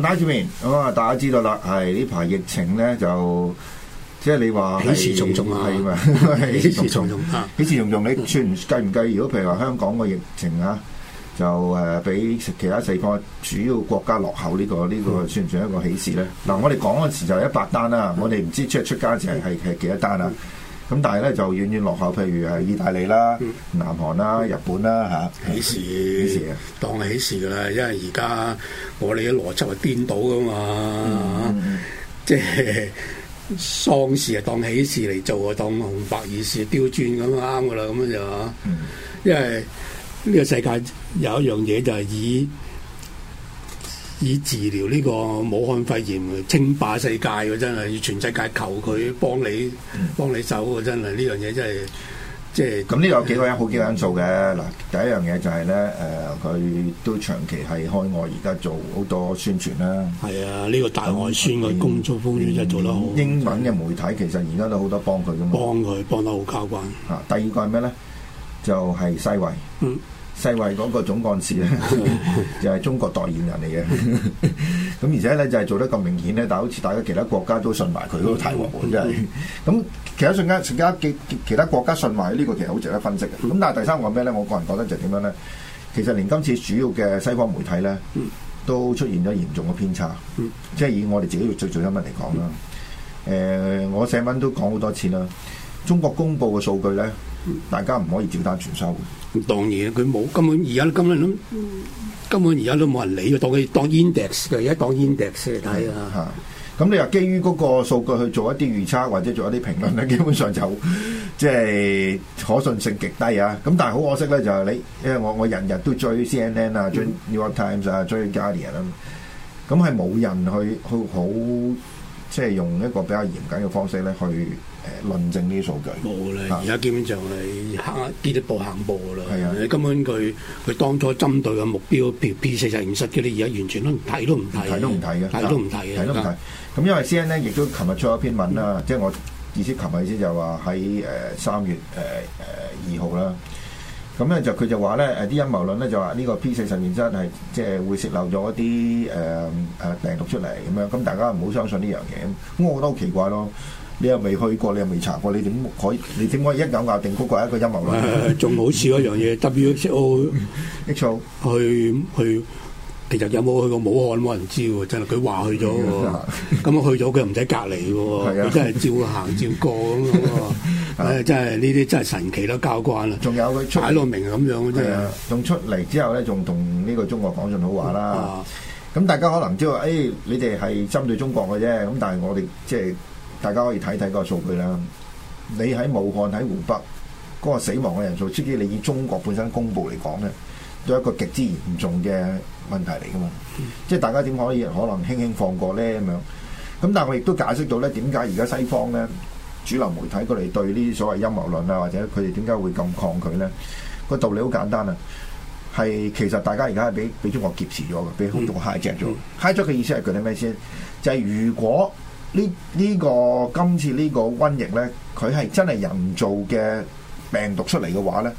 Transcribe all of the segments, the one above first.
打住面，咁啊、嗯，大家知道啦。係呢排疫情咧，就即係、就是、你話幾時重重啊？係嘛吧，幾時重重？幾時重重？重重嗯、你算唔計唔計？如果譬如話香港個疫情啊，就誒、啊、比其他西方主要國家落後呢、這個呢、這個算唔算一個喜事咧？嗱、嗯嗯啊，我哋講嗰時就係一百單啦，我哋唔知即係出街時係係係幾多單啊？嗯咁但係咧就遠遠落後，譬如係意大利啦、嗯、南韓啦、嗯、日本啦嚇。喜、啊、事，當喜事噶啦，因為而家我哋嘅邏輯係顛倒噶嘛，即係、嗯嗯、喪事啊當喜事嚟做啊，嗯、當紅白二事調轉咁啱噶啦，咁、嗯、樣就、嗯、因為呢個世界有一樣嘢就係以。以治療呢個武漢肺炎，稱霸世界喎！真係全世界求佢幫你幫你手。真係呢樣嘢真係即係咁，呢個有幾個人好幾個因素嘅嗱。第一樣嘢就係、是、咧，誒、呃、佢都長期係開外，而家做好多宣傳啦。係啊，呢、這個大外宣嘅工作方面真係做得好。英文嘅媒體其實而家都好多幫佢嘅嘛。幫佢幫得好交關。嚇、啊，第二個係咩咧？就係、是、世衛。嗯。世衛嗰個總幹事咧， 就係中國代言人嚟嘅。咁 而且咧就係、是、做得咁明顯咧，但係好似大家其他國家都信埋佢嗰太替換真係。咁、就是、其他瞬間，瞬間記其他國家信埋呢、這個，其實好值得分析嘅。咁 但係第三個咩咧？我個人覺得就點樣咧？其實連今次主要嘅西方媒體咧，都出現咗嚴重嘅偏差。 即係以我哋自己最最、呃、新聞嚟講啦。誒，我寫文都講好多次啦。中國公布嘅數據咧，大家唔可以照單全收嘅。當然，佢冇根本而家，根本根本而家都冇人理嘅。當佢當 index，而家當 index 嚟睇啊。吓！咁你又基於嗰個數據去做一啲預測，或者做一啲評論咧，基本上就即係可信性極低啊！咁但係好可惜咧，就係你因為我我日日都追 CNN 啊，追 New York Times 啊，追 Guardian 啊。咁係冇人去去好，即係用一個比較嚴謹嘅方式咧去。誒論證啲數據冇啦，而家呢、啊、基本上係行啲一步行步噶啦。係啊，你根本佢佢當初針對嘅目標如，P P 四實唔實嘅你而家完全都唔睇都唔睇都唔睇嘅，睇都唔睇嘅，睇、啊、都唔睇。咁、啊、因為 C N 咧，亦都琴日出咗一篇文啦，即係、啊、我意思，琴日先就話喺誒三月誒誒二號啦。咁咧就佢就話咧誒啲陰謀論咧就話呢個 P 四實驗室係即係會洩漏咗一啲誒誒病毒出嚟咁樣，咁大家唔好相信呢樣嘢。咁、嗯、我覺得好奇怪咯，你又未去過，你又未查過，你點可以你點以，以一咬牙定嗰個一個陰謀論？仲好笑一樣嘢，W H O 去去，其實有冇去過武漢冇人知喎，真係佢話去咗喎。咁去咗佢唔使隔離喎，真係照行照過咁是 誒，啊啊、真係呢啲真係神奇到交關啦，仲有佢出到明咁樣，真係仲出嚟之後咧，仲同呢個中國講盡好話啦。咁、啊、大家可能即係誒，你哋係針對中國嘅啫。咁但係我哋即係大家可以睇睇個數據啦。你喺武漢喺湖北嗰、嗰個死亡嘅人數，即係你以中國本身公布嚟講咧，都係一個極之嚴重嘅問題嚟噶嘛嗯、即係大家點可以可能輕輕放過咧咁樣？咁但係我亦都解釋到咧，點解而家西方咧？主流媒體過嚟對呢啲所謂陰謀論啊，或者佢哋點解會咁抗拒咧？個道理好簡單啊，係其實大家而家係俾俾中國劫持咗嘅，俾好多人 hi jacked 咗。hi jacked 嘅意思係佢啲咩先？就係、是、如果呢呢、呢個今次呢個瘟疫咧，佢係真係人造嘅病毒出嚟嘅話咧，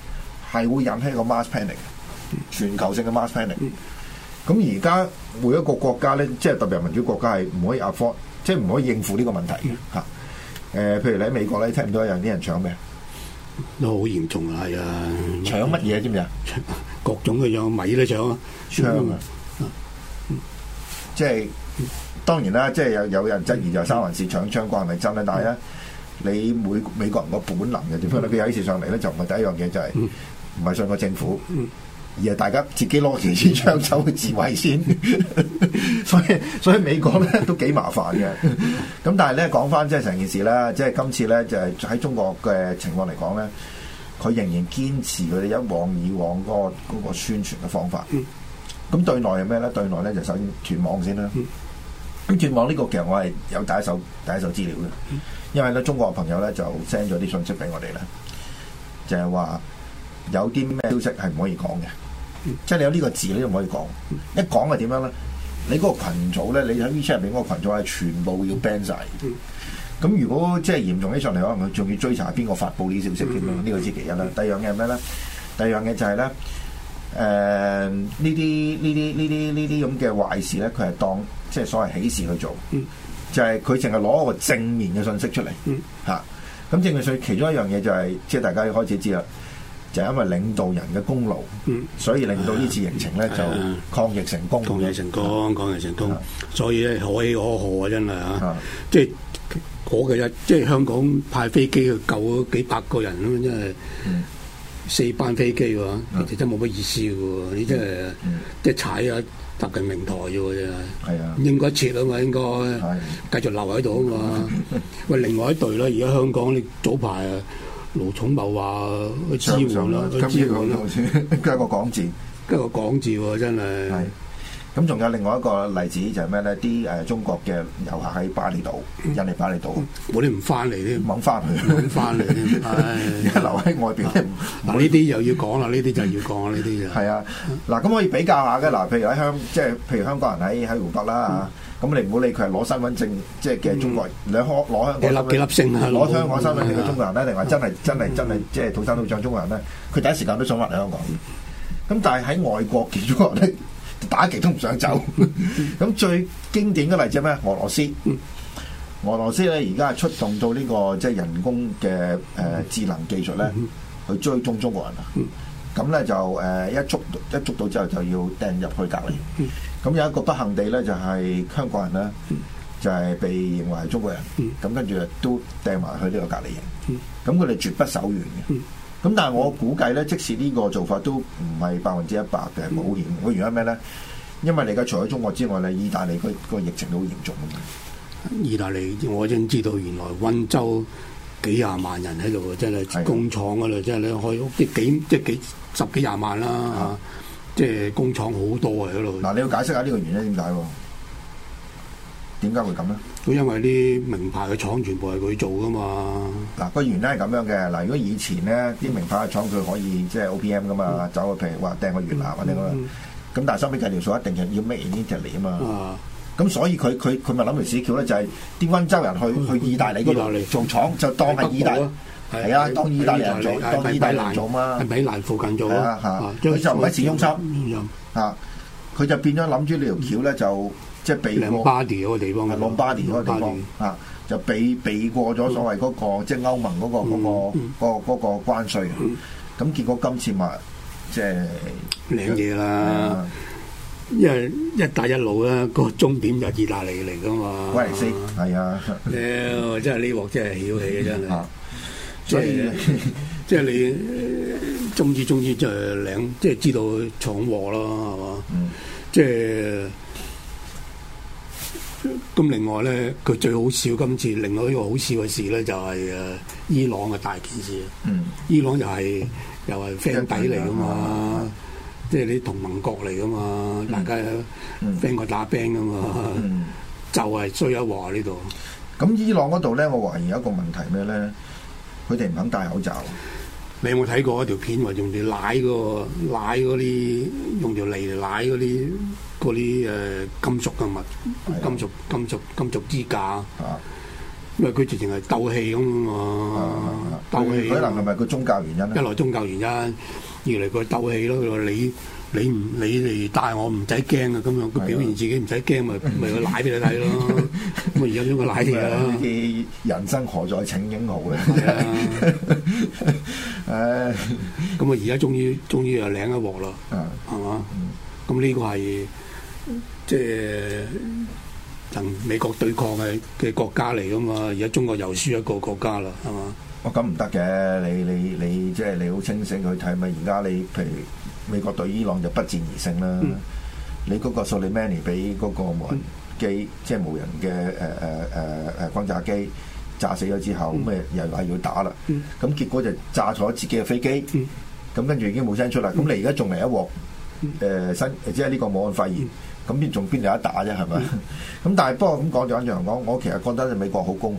係會引起一個 mass panic，全球性嘅 mass panic，嗯。咁而家每一個國家咧，即、就、係、是、特別民主國家係唔可以 afford，即係唔可以應付呢個問題嚇。嗯誒、呃，譬如你喺美國咧，聽唔到有啲人，人搶咩，都好嚴重啊，係啊！搶乜嘢，知唔知啊？各種嘅樣，米都搶，槍啊！即係當然啦，嗯、即係有有人質疑就三環線搶槍關係咪真啊，但係咧，嗯、你美美國人個本能又點樣咧，佢、嗯、有一次上嚟咧，就唔係第一樣嘢，就係唔係信個政府。嗯嗯嗯而係大家自己攞住支槍走去自衛先，所以所以美國咧都幾麻煩嘅。咁 但係咧，講翻即係成件事啦，即、就、係、是、今次咧就係、是、喺中國嘅情況嚟講咧，佢仍然堅持佢哋一往以往嗰個宣傳嘅方法。咁、嗯、對內係咩咧？對內咧就首先斷網先啦。咁、嗯、斷網呢個其實我係有第一手第一手資料嘅，因為咧中國嘅朋友咧就 send 咗啲信息俾我哋咧，就係、是、話有啲咩消息係唔可以講嘅。即係你有呢個字呢，你都唔可以講。一講係點樣咧？你嗰個群組咧，你喺 WeChat 入邊嗰個群組係全部要 ban 晒。咁、嗯嗯、如果即係嚴重起上嚟，可能佢仲要追查邊個發佈呢啲消息添啦。呢個先其一啦。第二樣嘢係咩咧？第二、就是呃、這這樣嘢就係咧，誒呢啲呢啲呢啲呢啲咁嘅壞事咧，佢係當即係所謂喜事去做。嗯、就係佢淨係攞一個正面嘅信息出嚟。吓咁、嗯，嗯啊、正面所以。其中一樣嘢就係、是，即係大家要開始知啦。就因為領導人嘅功勞，所以令到呢次疫情咧就抗疫成功。抗疫成功，抗疫成功，所以咧可喜可賀啊！真係嚇，即係我嘅一，即係香港派飛機去救嗰幾百個人咁樣，真係四班飛機喎，其實真冇乜意思嘅喎，你真係即係踩下發緊明台啫喎，真係。係啊，應該撤啊嘛，應該繼續留喺度啊嘛。喂，另外一隊啦，而家香港你早排。盧寵茂話去支援啦，去支援啦，跟住講到一個港字，跟一個港字喎，真係。係。咁仲有另外一個例子就係咩咧？啲誒中國嘅遊客喺巴厘島，印尼巴厘島，我哋唔翻嚟咧，唔肯翻去，唔肯翻嚟咧，留喺外邊。我呢啲又要講啦，呢啲就要講啦，呢啲就係啊。嗱，咁可以比較下嘅嗱，譬如喺香，即係譬如香港人喺喺湖北啦嚇。咁、嗯、你唔好理佢係攞身份證，即係嘅中國兩科攞，嗯、香港，幾粒攞香港身份證嘅中國人咧，定話、嗯、真係、嗯、真係真係即係土生土長中國人咧，佢第一時間都想翻嚟香港。咁但係喺外國,中國人，其中國人咧打極都唔想走。咁 最經典嘅例子係咩？俄羅斯，俄羅斯咧而家係出動到呢、這個即係、就是、人工嘅誒智能技術咧，去追蹤中國人啊！咁咧就誒一捉一捉到之後就要掟入去隔離。咁有一個不幸地咧，就係香港人啦，就係被認為係中國人，咁跟住都掟埋去呢個隔離營。咁佢哋絕不手軟嘅。咁但係我估計咧，即使呢個做法都唔係百分之一百嘅保險。我原因咩咧？因為而家除咗中國之外咧，意大利個疫情都好嚴重嘅。意大利，我已經知道原來溫州幾廿萬人喺度，真係工廠嗰度，即係你去屋企幾即係幾十幾廿萬啦嚇。.即係工廠好多啊喺度。嗱，你要解釋下呢個原因點解？點解會咁咧？都因為啲名牌嘅廠全部係佢做噶嘛。嗱，個原因係咁樣嘅。嗱，如果以前咧，啲名牌嘅廠佢可以即係 O P M 噶嘛，嗯、走去譬如話掟去越南或者咁啦。咁、嗯、但係收尾計條數一定係要 made in Italy 啊嘛。咁、啊、所以佢佢佢咪諗條屎橋咧？就係啲温州人去、嗯、去意大利嗰度做廠，就當係意大利。係啊，當意大利做，當意大利做嘛，喺米蘭附近做啊，嚇！佢就唔喺市中心，嚇！佢就變咗諗住呢條橋咧，就即係避過倫巴第嗰個地方嘅，倫巴第嗰個地方嚇，就避避過咗所謂嗰個即係歐盟嗰個嗰個嗰個關稅。咁結果今次咪即係領嘢啦，因為一帶一路咧，個終點就係意大利嚟㗎嘛。威尼斯係啊，屌！真係呢鑊真係囂氣，真係。所以，即係 你中止中止就領，即、就、係、是、知道闖禍咯，係嘛？ 即係咁。另外咧，佢最好笑今次，另外一個好笑嘅事咧，就係、是、誒伊朗嘅大件事。嗯，伊朗又係又係 friend 底嚟噶嘛？即係你同盟國嚟噶、嗯、嘛？大家 friend 個打兵 r 噶嘛？就係衰一鑊呢度。咁伊朗嗰度咧，我懷疑有一個問題咩咧？ 佢哋唔肯戴口罩。你有冇睇過一條片話用條奶個奶嗰啲，用條脷嚟舐嗰啲嗰啲誒金屬嘅物，金屬金屬金屬，金屬支架啊？因為佢直情係鬥氣咁啊！啊鬥氣，可能係咪個宗教原因？一來宗教原因，二嚟佢鬥氣咯，佢話你。你唔你嚟，帶我唔使驚啊！咁樣佢表現自己唔使驚，咪咪個奶俾你睇咯。咁啊，而家將個奶嚟啦。人生何在？請英豪嘅。誒，咁啊，而家終於終於又領一鑊咯。啊，係嘛吧？咁呢、嗯、個係即係同美國對抗嘅嘅國家嚟噶嘛？而家中國又輸一個國家啦，係嘛？我咁唔得嘅，你你你，你即係你好清醒去睇咪？而家你，你譬如。美國對伊朗就不戰而勝啦。嗯、你嗰個薩利曼尼俾嗰個無人機，嗯、即係無人嘅誒誒誒誒轟炸機炸死咗之後，咁咪、嗯、又話要打啦。咁、嗯、結果就炸咗自己嘅飛機，咁、嗯、跟住已經冇聲出啦。咁、嗯、你而家仲嚟一鑊誒、呃、新，即係呢個武漢肺炎，咁邊仲邊有得打啫？係咪？咁 但係不過咁講就一樣講，我其實覺得美國好高危。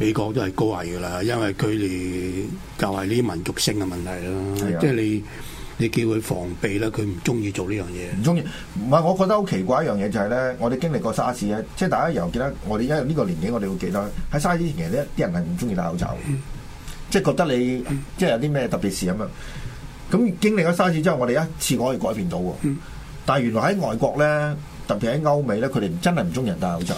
美國都係高危噶啦，因為佢哋就係啲民族性嘅問題啦。的即係你，你叫佢防備啦，佢唔中意做呢樣嘢，唔中意。唔係，我覺得好奇怪一樣嘢就係、是、咧，我哋經歷過沙士咧，即係大家又記得，我哋因為呢個年紀，我哋會記得喺沙士前啲人係唔中意戴口罩、嗯、即係覺得你即係有啲咩特別事咁樣。咁經歷咗沙士之後，我哋一次可以改變到喎。但係原來喺外國咧，特別喺歐美咧，佢哋真係唔中意人戴口罩。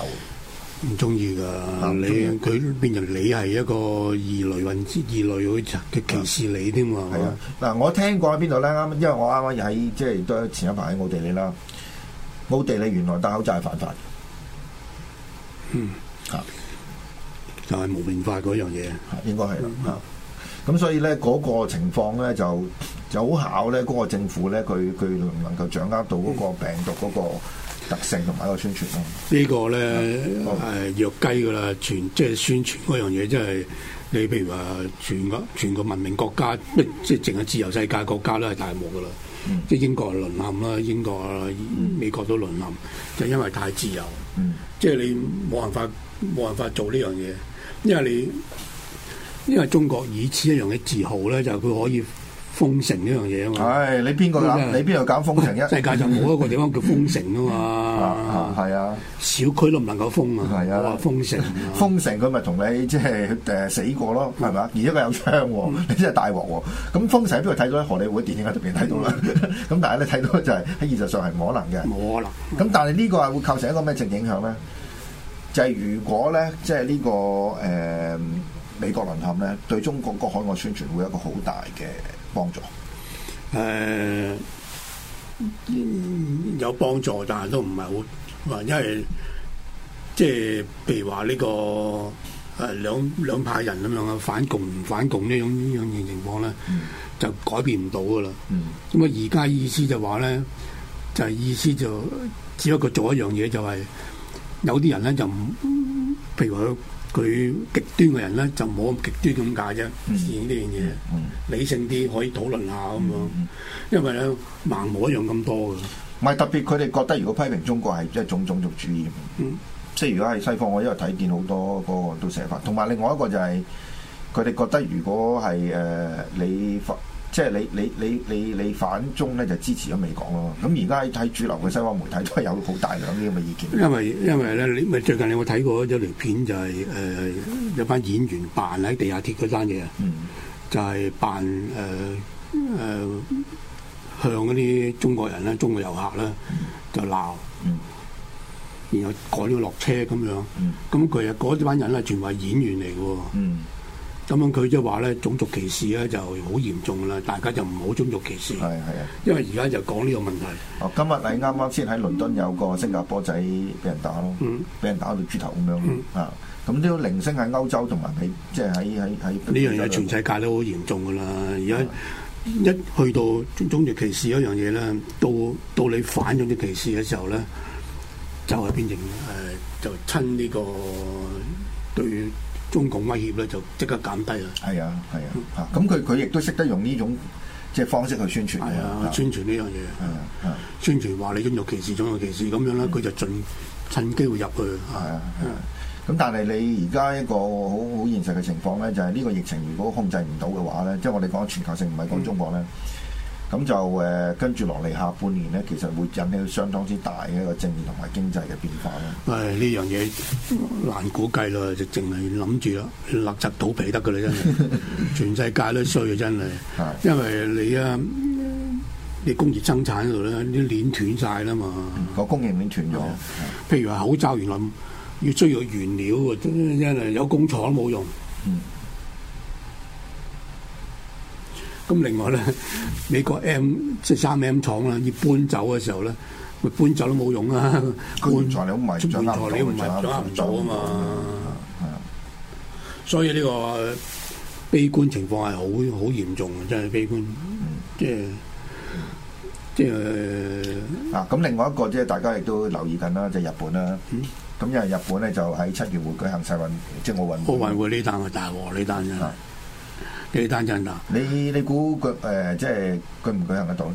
唔中意噶，嗯、你佢變成你係一個異類，云之異類會嘅歧視你添嘛？嗱、嗯啊，我聽過喺邊度咧？啱，因為我啱啱喺，即係都前一排喺奧地利啦。奧地利原來戴口罩係犯法嗯，吓、啊、就係無變化，嗰樣嘢應該係啦。咁、嗯啊、所以咧，嗰、那個情況咧，就就好考咧，嗰個政府咧，佢佢唔能夠掌握到嗰個病毒嗰、那個？嗯特性同埋個宣傳咯，個呢個咧誒弱雞噶啦，全即係宣傳嗰樣嘢，即係你譬如話，全個全個文明國家，即係淨係自由世界國家都係大冇噶啦，嗯、即係英國係淪陷啦，英國、美國都淪陷，就係、因為太自由，嗯、即係你冇辦法冇辦法做呢樣嘢，因為你因為中國以此一樣嘅自豪咧，就係佢可以。封城呢樣嘢啊嘛，係、哎、你邊個你邊度揀封城一、啊？世界就冇一個地方叫封城啊嘛，係啊，小區都唔能夠封啊，話封、啊、城、啊，封 城佢咪同你即係誒死過咯，係咪、嗯？而且佢有槍，嗯、你真係大鑊喎！咁封城喺邊度睇到咧？荷里活電影入邊睇到啦。咁 但係你睇到就係喺現實上係唔可能嘅，冇可能。咁、嗯、但係呢個係會構成一個咩正影響咧？就係、是、如果咧，即係呢個誒、呃、美國淪陷咧，對中國個海外宣傳會有一個好大嘅。幫助誒、呃，有幫助，但係都唔係好，因為即係譬如話呢、呢個誒兩兩派人咁樣啊，反共唔反共種種情況呢種呢樣嘅情況咧，嗯、就改變唔到噶啦。咁啊而家意思就話咧，就係、意思就只不過做一樣嘢、就係，就係有啲人咧就唔譬如。佢極端嘅人咧，就冇咁極端咁解啫。呢樣嘢理性啲可以討論下咁樣，嗯嗯、因為咧盲模一樣咁多嘅。唔係特別，佢哋覺得如果批評中國係即係種種族主義。嗯、即係如果係西方，我因為睇見好多嗰個都寫法，同埋另外一個就係佢哋覺得，如果係誒、呃、你發。即係你你你你你反中咧就支持咗美國咯，咁而家喺主流嘅西方媒體都係有好大量啲咁嘅意見。因為因為咧，你咪最近你有冇睇過一條片就係誒有班演員扮喺地下鐵嗰單嘢啊，嗯、就係扮誒誒、呃呃、向嗰啲中國人咧、中國遊客咧就鬧，然後趕咗落車咁樣。咁佢啊，嗰班、嗯、人啊，全部係演員嚟嘅喎。嗯。咁樣佢即係話咧，種族歧視咧就好嚴重啦，大家就唔好種族歧視。係，係啊，因為而家就講呢個問題。哦，今日你啱啱先喺倫敦有個新加坡仔俾人打咯，嗯，俾人打到豬頭咁樣，嗯啊，咁呢個零星喺歐洲同埋喺即係喺喺喺。呢樣嘢全世界都好嚴重噶啦，而家一去到種族歧視一樣嘢咧，到到你反種族歧視嘅時候咧，就係變成咧、呃？就親呢個。中共威脅咧就即刻減低啦。係啊，係啊。咁佢佢亦都識得用呢種即係方式去宣傳㗎。係啊，宣傳呢樣嘢。係啊，宣傳話你種族歧視、種族歧視咁樣啦，佢就盡趁機會入去。係啊。咁但係你而家一個好好現實嘅情況咧，就係呢個疫情如果控制唔到嘅話咧，即係我哋講全球性，唔係講中國咧。咁就誒、呃、跟住落嚟下半年咧，其實會引起相當之大嘅一個政治同埋經濟嘅變化咯。誒呢樣嘢難估計咯，就淨係諗住咯，垃圾肚皮得噶啦，真係 全世界都衰啊，真係。是因為你啊，你工業生產嗰度咧，啲鏈斷晒啦嘛，個供應鏈斷咗。譬、嗯、如話口罩，原來要追佢原料，真係有工廠都冇用。嗯咁另外咧，美國 M 即三 M 廠啦，要搬走嘅時候咧，佢搬走都冇用啦。佢唔在你，唔係掌握你，唔係掌握唔到啊嘛。嗯嗯、所以呢個悲觀情況係好好嚴重嘅，真係悲觀。即係即係、呃、啊！咁另外一個即係大家亦都留意緊啦，就係、日本啦。咁因為日本咧就喺七月會舉行世運，即係奧運。奧、嗯、運會呢單係大鍋呢單啫。幾單真啊！你你估佢誒，即係舉唔舉行得到？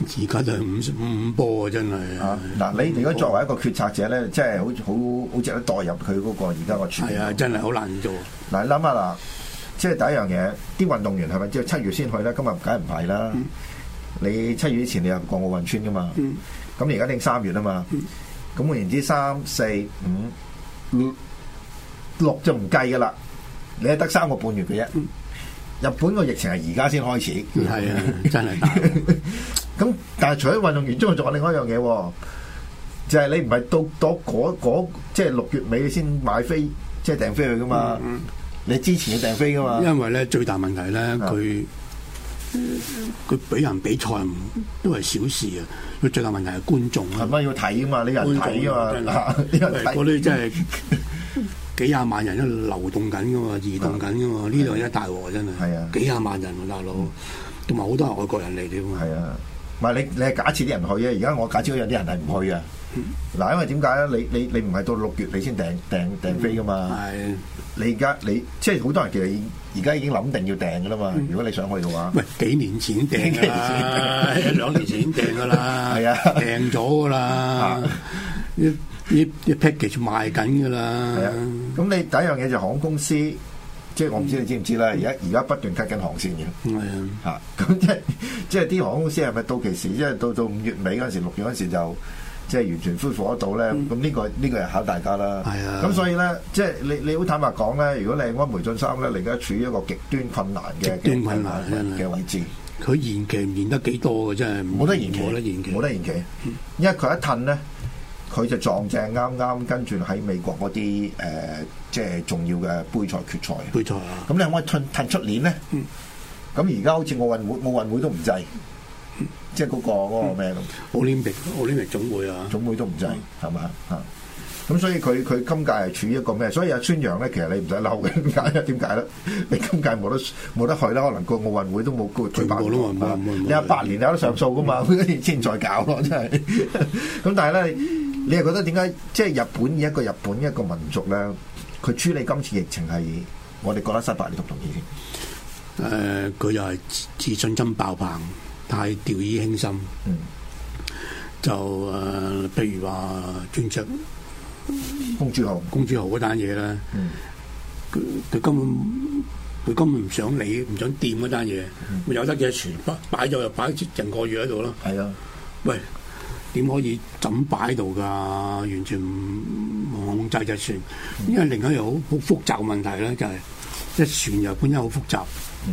而家就五五波啊，真係啊！嗱，你如果作為一個決策者咧，即係好好好值得代入佢嗰個而家個處境，係啊，真係好難做。嗱、啊，諗下啦，即係第一樣嘢，啲運動員係咪要七月先去咧？今日梗係唔係啦。嗯、你七月之前你又過奧運村噶嘛？咁而家定三月啊嘛？咁換、嗯、言之三四五六就唔計噶啦。你係得三個半月嘅啫，日本嘅疫情係而家先開始。係啊，真係。咁 但係除咗運動員，仲有另外一樣嘢，就係、是、你唔係到到嗰、那、嗰、個那個、即係六月尾先買飛，即係訂飛去噶嘛？嗯、你之前要訂飛噶嘛？因為咧最大問題咧，佢佢俾人比賽都係小事啊。佢最大問題係觀,觀眾啊。係咪要睇啊嘛？你人睇啊嘛？嗰啲真係。幾廿萬人都流動緊噶嘛，移動緊噶嘛，呢兩日大鑊真係。係啊，幾廿萬人啊，大佬，同埋好多係外國人嚟添啊。唔係你，你係假設啲人去啊？而家我假設有啲人係唔去啊。嗱，因為點解咧？你你你唔係到六月你先訂訂訂飛噶嘛？係。你而家你即係好多人其實而家已經諗定要訂噶啦嘛。如果你想去嘅話，唔係幾年前訂㗎啦，兩年前訂㗎啦，係啊，訂咗㗎啦。呢啲 package 賣緊噶啦，咁、啊、你第一樣嘢就航空公司，即係我唔知你知唔知啦。而家而家不斷 cut 緊航線嘅，係啊，吓咁、啊嗯、即係即係啲航空公司係咪到期時，即係到到五月尾嗰時、六月嗰時就即係完全恢復得到咧？咁呢、嗯這個呢、這個係、這個、考大家啦。係啊，咁所以咧，即係你你好坦白講咧，如果你安倍晉三咧，你而家處於一個極端困難嘅極端困難嘅位置，佢、啊啊、延期唔延得幾多嘅真係，冇得延期，冇得延期，冇得延期，因為佢一褪咧。嗯佢就撞正啱啱跟住喺美國嗰啲誒，即係重要嘅杯賽決賽。杯賽啊！咁你可唔可以褪褪出年咧？嗯。咁而家好似奧運會，奧運會都唔制，即係嗰個嗰個咩咁？奧林匹奧林匹總會啊，總會都唔制，係嘛啊？咁所以佢佢今屆係處於一個咩？所以阿孫楊咧，其實你唔使嬲嘅，點解咧？點解咧？你今屆冇得冇得去啦，可能個奧運會都冇冠舉辦。你阿八年有得上訴噶嘛？先再搞咯，真係。咁但係咧。你又覺得點解即係日本嘅一個日本一個民族咧，佢處理今次疫情係我哋覺得失敗，你同唔同意先？誒，佢又係自信心爆棚，太掉以輕心。嗯，就誒，譬如話專注公主號，公主號嗰單嘢咧，佢佢根本佢根本唔想理，唔想掂嗰單嘢，佢有得嘢存翻，擺咗又擺咗成個月喺度咯。係啊，喂。點可以咁擺喺度㗎？完全唔控制隻船。因為另外一樣好好複雜嘅問題咧，就是，就係一船又本身好複雜。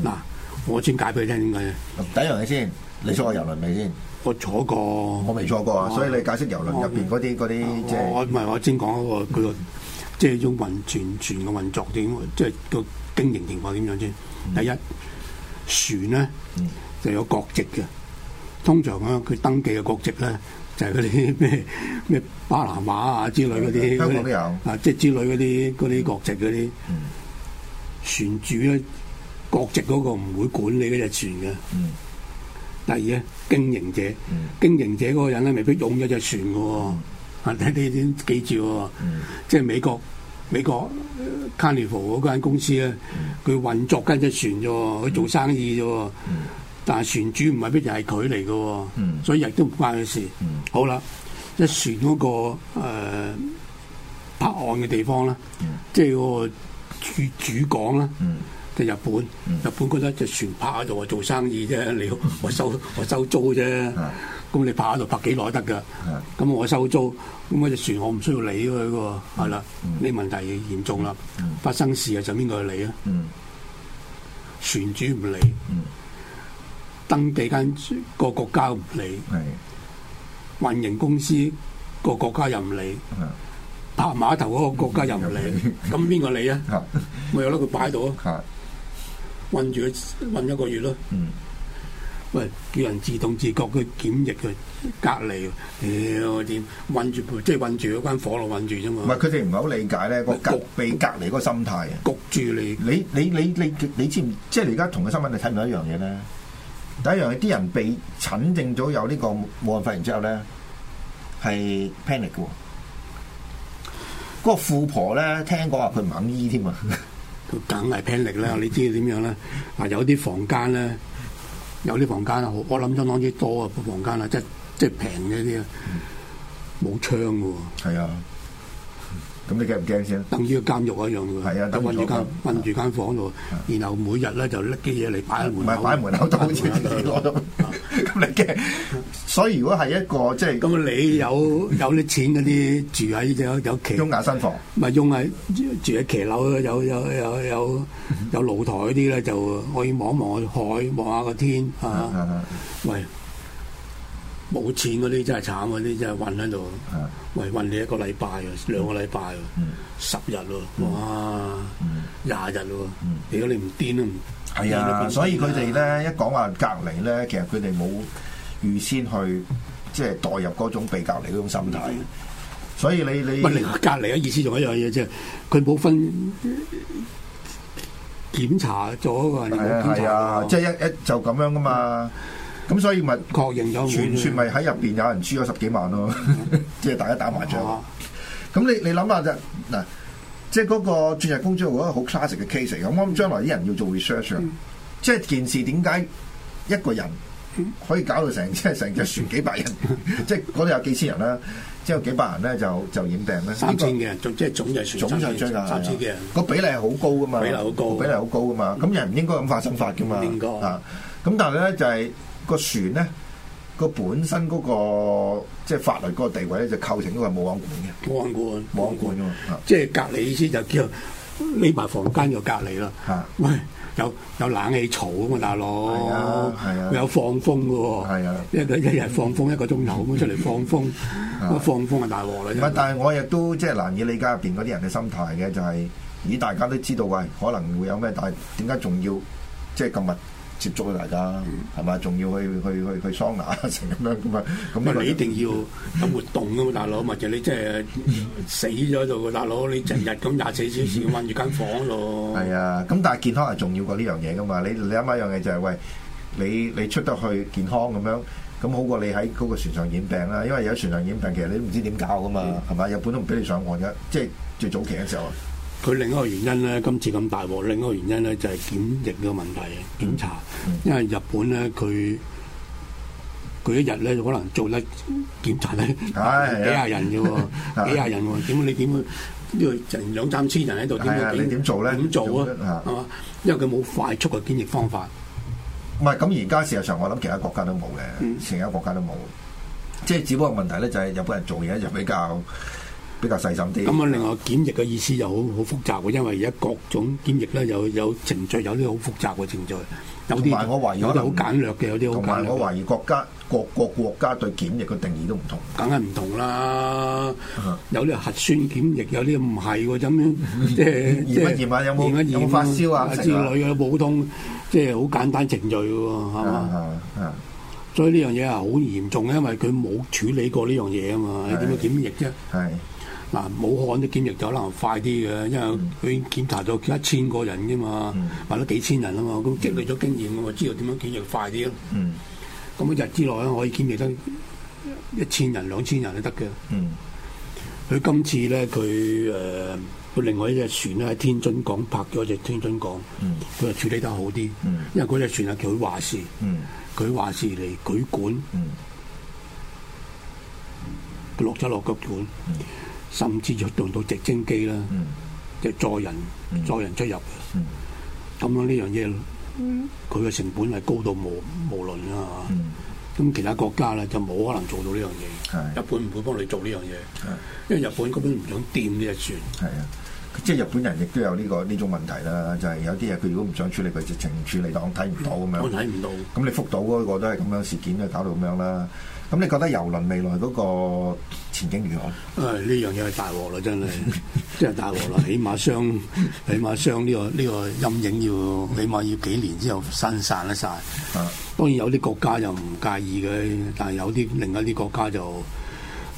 嗱，嗯，我先解俾你聽點解第一樣嘢先，你坐過遊輪未先？我坐過，我未坐過，啊，所以你解釋遊輪入邊嗰啲啲即係我唔係，就是，我，我先講一個嗰個即係種運船船嘅運作點，即係個經營情況點樣先。第一船咧就有國籍嘅，通常佢登記嘅國籍咧。呢呢呢就係嗰啲咩咩巴拿馬啊之類嗰啲，香港都有啊，啊，即、就、係、是、之類嗰啲啲國籍嗰啲、嗯、船主咧，國籍嗰個唔會管理嗰隻船嘅。嗯、第二咧，經營者，嗯、經營者嗰個人咧未必用咗隻船嘅喎，啊、嗯，你你點記住喎？即係、嗯、美國美國 c a r 嗰間公司咧，佢、嗯、運作緊隻船啫，佢做生意啫。嗯嗯但係船主唔係一定係佢嚟噶，呃哦嗯、所以亦都唔關佢事。嗯、好啦，一船嗰、嗰個誒泊、呃、岸嘅地方啦，嗯、即係嗰個主主港啦，即係、嗯、日本。日本覺得隻船泊喺度做生意啫，你我收我收租啫。咁、嗯、你拍喺度拍幾耐得噶？咁我收租，咁啊隻船我唔需要理佢噶、哦，係啦。呢、嗯嗯、問題嚴重啦，發生事啊就邊個去理啊？船主唔理。登記間個國家唔理，係運營公司個國家又唔理，泊碼頭嗰個國家又唔理，咁邊個理啊？咪有得佢擺度啊！運住佢運一個月咯。喂，叫人自動自覺去檢疫佢隔離，屌點運住？即係運住嗰間火爐運住啫嘛。唔係佢哋唔係好理解咧，個焗被隔離嗰個心態焗住你。你你你你你知唔？即係你而家同個新聞你睇唔到一樣嘢咧。第一樣係啲人被診證咗有呢個武漢肺炎，然之後咧係 panic 嘅喎。嗰、哦那個富婆咧，聽講話佢唔肯醫添啊，佢梗係 panic 啦。你知點樣咧？嗱，有啲房間咧，有啲房間，我諗相當之多啊。個房間啦，即即平嘅啲冇窗嘅喎、哦。係啊。咁你驚唔驚先？等於個監獄一樣嘅。係啊，蹲住間，蹲住間房度，然後每日咧就拎啲嘢嚟擺喺門口，擺喺門口度。咁你驚？所以如果係一個即係咁，你有有啲錢嗰啲住喺有有企擁牙新房，咪擁喺住喺騎樓，有有有有有露台嗰啲咧，就可以望望海，望下個天啊！喂。冇錢嗰啲真係慘，嗰啲真係混喺度。喂，混你一個禮拜喎，兩個禮拜喎，十日喎，哇，廿日喎。如果你唔癲啊，唔係啊，所以佢哋咧一講話隔離咧，其實佢哋冇預先去即係代入嗰種被隔離嗰種心態。所以你你隔離嘅意思仲有一樣嘢，即係佢冇分檢查咗㗎，冇檢查㗎，即係一一就咁樣㗎嘛。咁所以咪確認咗傳説，咪喺入邊有人輸咗十幾萬咯，即係大家打麻將。咁你你諗下啫嗱，即係嗰個鑽石公主嗰個好 classic 嘅 case，咁我諗將來啲人要做 research，即係件事點解一個人可以搞到成即係成隻船幾百人，即係嗰度有幾千人啦，之後幾百人咧就就染病咧。三千嘅，即係總就船總嘅張架三千嘅，個比例係好高噶嘛，比例好高，比例好高噶嘛。咁人唔應該咁發生法噶嘛，啊咁但係咧就係。個船咧，個本身嗰、那個即係法律嗰個地位咧，就構成嗰個冇安管嘅。冇安、哦、管，管，冇安管啫嘛。即係隔離意思就叫匿埋房間就隔離咯。吓、啊，喂，有有冷氣槽㗎嘛，大佬。係啊，係啊。有放風噶喎。係啊。一個一日放風一個鐘頭，咁出嚟放風，嗯、 放風啊大鑊啦。但係我亦都即係難以理解入邊嗰啲人嘅心態嘅，就係、是，以大家都知道話，可能會有咩，但係點解仲要，重要即係咁日？接觸大家，係嘛、嗯？仲要去去去去桑拿成咁樣咁啊？唔係你一定要有活動啊嘛，大佬，唔係、嗯、你即係死咗就大佬，你成日咁廿四小時困住間房咯。係、嗯嗯嗯、啊，咁但係健康係重要過呢樣嘢噶嘛？你你諗下一樣嘢就係、是、喂，你你出得去健康咁樣，咁好過你喺嗰個船上染病啦。因為有船上染病，其實你都唔知點搞噶嘛，係咪、嗯？日本都唔俾你上岸嘅，即、就、係、是、最早期嘅時候。佢另一個原因咧，今次咁大鑊，另一個原因咧就係檢疫嘅問題，檢查。因為日本咧，佢佢一日咧就可能做得檢查咧幾廿人嘅喎，幾廿人喎，點你點呢度成兩三千人喺度，點點點做咧？點做啊？係嘛？因為佢冇快速嘅檢疫方法。唔係咁，而家事實上我諗其他國家都冇嘅，其他國家都冇。即係只不過問題咧，就係日本人做嘢就比較。比較細心啲。咁啊，另外檢疫嘅意思又好好複雜嘅，因為而家各種檢疫咧有有程序，有啲好複雜嘅程序，有啲我懷疑有好簡略嘅，有啲同埋我懷疑國家各各國家對檢疫嘅定義都唔同，梗係唔同啦。有啲核酸檢疫，有啲唔係咁樣，即係驗乜驗啊？有冇有冇發燒啊？之類嘅普通，即係好簡單程序嘅，係嘛？啊，所以呢樣嘢係好嚴重嘅，因為佢冇處理過呢樣嘢啊嘛，你點樣檢疫啫？係。嗱，武漢都檢疫就可能快啲嘅，因為佢檢查到一千個人啫嘛，嗯、或者幾千人啊嘛，咁積累咗經驗嘛，我知道點樣檢疫快啲咯。嗯，咁一日之內咧可以檢疫得一千人，兩千人都得嘅。嗯，佢今次咧佢誒，呃、另外一隻船咧喺天津港拍咗隻天津港，佢、嗯、就處理得好啲，嗯、因為嗰隻船啊叫佢話事，佢話事嚟舉管，嗯，落咗落急管。嗯甚至就用到直升機啦，即係載人載人出入，咁咯呢樣嘢，佢嘅成本係高到無無論啊。咁其他國家咧就冇可能做到呢樣嘢。日本唔會幫你做呢樣嘢，因為日本根本唔想掂呢隻船。係啊，即係日本人亦都有呢個呢種問題啦，就係有啲嘢佢如果唔想處理，佢直情處理當睇唔到咁樣。我睇唔到。咁你福島嗰個都係咁樣事件，都就搞到咁樣啦。咁你覺得郵輪未來嗰個前景如何？誒、哎，呢樣嘢係大鑊啦，真係真係大鑊啦！起碼相 起碼相呢個呢、這個陰影要起碼要幾年之後先散一晒。刪一刪啊，當然有啲國家又唔介意嘅，但係有啲另一啲國家就，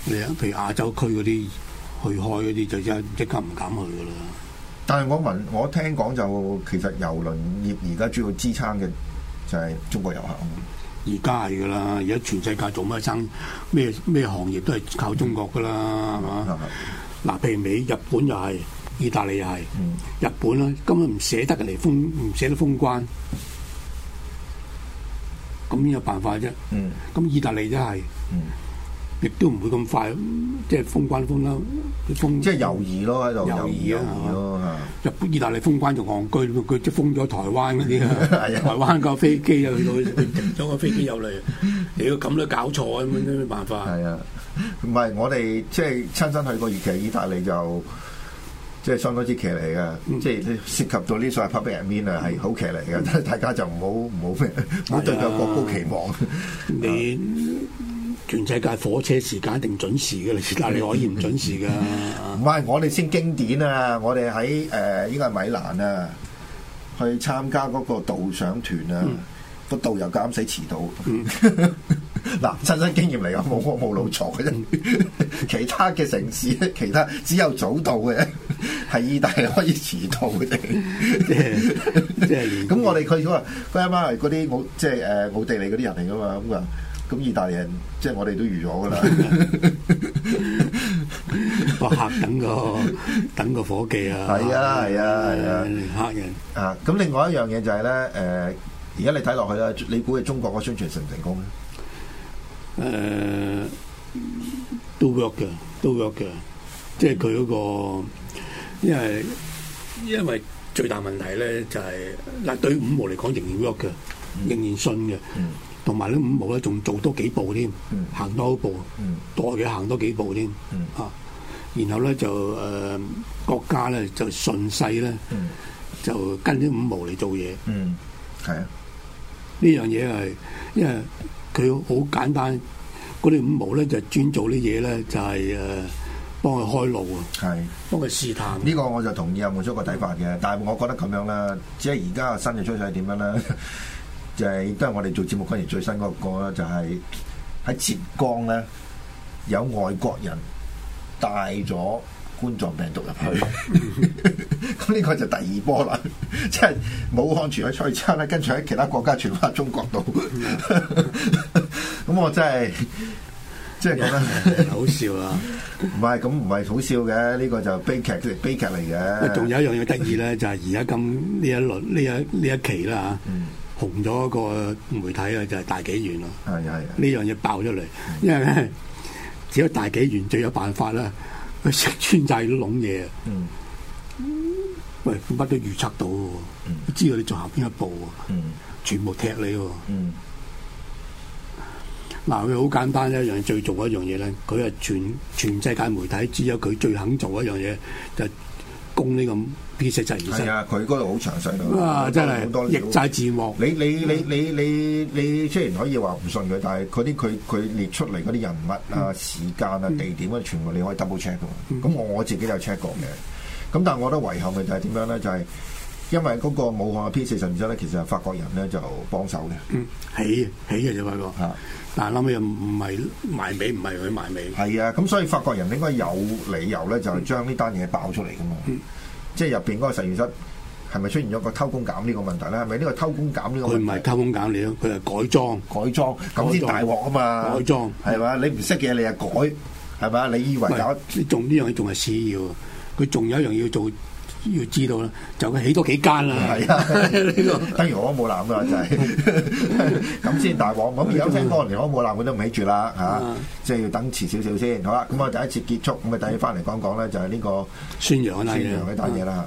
你譬如亞洲區嗰啲去開嗰啲就一即刻唔敢去噶啦。但係我聞我聽講就其實郵輪業而家主要支撐嘅就係中國遊客。而家係噶啦，而家全世界做乜生咩咩行業都係靠中國噶啦，係嘛，嗯？嗱吧，譬、嗯、如美、日本又係，意大利又係，嗯、日本咧根本唔捨得嚟封，唔捨得封關，咁邊有辦法啫，嗯嗯？嗯，咁意大利都係。亦都唔會咁快，即係封關封啦，封即係猶疑咯喺度，猶疑啊！日意大利封關同航居，佢即封咗台灣嗰啲。台灣架飛機又去到停咗個飛機又嚟，你要咁都搞錯咁，有咩辦法？係啊，唔係我哋即係親身去過熱劇意大利就，即係相當之騎嚟噶，即係涉及咗呢啲所謂 public opinion 啊，係好騎嚟噶，所以大家就唔好唔好咩，唔好對著過高期望。全世界火車時間一定準時嘅，但係你時間可以唔準時㗎。唔係我哋先經典啊！我哋喺誒應該係米蘭啊，去參加嗰個導賞團啊，個導遊夠膽死遲到。嗱，親身經驗嚟㗎，冇我冇老錯啫。其他嘅城市其他只有早到嘅，係意大利可以遲到嘅。咁我哋去咗佢一班係嗰啲澳即係誒奧地利嗰啲人嚟㗎嘛，咁啊。咁意大利人，即係我哋都預咗噶啦，個客等個，等個夥計啊，係啊，係啊，係啊，客人啊，咁另外一樣嘢就係咧，誒，而家你睇落去咧，你估嘅中國個宣傳成唔成功咧？誒，都 work 嘅，都 work 嘅，即係佢嗰個，因為因為最大問題咧就係，嗱對五毛嚟講仍然 work 嘅，仍然信嘅。同埋啲五毛咧，仲做多幾步添，嗯、行多一步，多嘢、嗯、行多幾步添嚇、嗯啊。然後咧就誒、呃，國家咧就順勢咧，嗯、就跟啲五毛嚟做嘢。係、嗯、啊，呢樣嘢係，因為佢好簡單。嗰啲五毛咧就專做啲嘢咧，就係、是、誒幫佢開路啊，幫佢試探。呢個我就同意阿黃叔嘅睇法嘅，但係我覺得咁樣啦，即係而家嘅新嘅趨勢係點樣咧？ 就係、是、都係我哋做節目嗰時最新嗰個歌啦，就係喺浙江咧有外國人帶咗冠狀病毒入去，咁呢 個就第二波啦。即係武漢傳咗出去咧，跟住喺其他國家傳翻中國度。咁 我真係即係覺得好笑啊！唔係咁唔係好笑嘅，呢個就悲劇嘅 悲劇嚟嘅。仲有一樣嘢得意咧，就係而家咁呢一輪呢一呢一期啦嚇。 紅咗個媒體啊，就係、是、大紀元咯。係啊，呢樣嘢爆出嚟，嗯、因為咧只有大紀元最有辦法啦。佢食穿晒啲窿嘢。嗯。喂，乜都預測到嘅、嗯、知道你做下邊一步喎，嗯、全部踢你喎、哦。嗱、嗯，佢好簡單一樣最做一樣嘢咧，佢係全全世界媒體只有佢最肯做一樣嘢就係。供啲咁啲事實，意思就係啊，佢嗰度好詳細到，哇、啊！真係好多，是多逆債賬。你你你你你你，你你雖然可以話唔信佢，嗯、但係嗰啲佢佢列出嚟嗰啲人物啊、嗯、時間啊、地點啊，全部你可以 double check 㗎嘛。咁、嗯、我我自己都有 check 過嘅。咁、嗯嗯、但係我覺得遺憾嘅就係點樣咧？就係、是。因為嗰個武漢嘅 P 四實驗室咧，其實係法國人咧就幫手嘅。嗯，起，起嘅啫，法國。吓，但係諗起又唔係埋尾，唔係佢埋尾。係啊，咁所以法國人應該有理由咧，就係將呢單嘢爆出嚟噶嘛。嗯，即係入邊嗰個實驗室係咪出現咗個偷工減呢個問題咧？係咪呢個偷工減呢個問題？佢唔係偷工減料，佢係改裝，改裝，咁先大鑊啊嘛。改裝係嘛？你唔識嘢，你係改係嘛？你以為有？你仲呢樣嘢仲係次要，佢仲有一樣要做。要知道啦，就佢起多幾間啦，係啊，呢個不如我冇諗啦，就係咁先。大王咁 而家聽多嚟，我冇諗，我都唔起住啦嚇，即係要等遲少少先，好啦。咁我第一次結束，咁、就是這個、啊，等你翻嚟講講咧，就係呢個孫楊啦，孫楊嗰單嘢啦。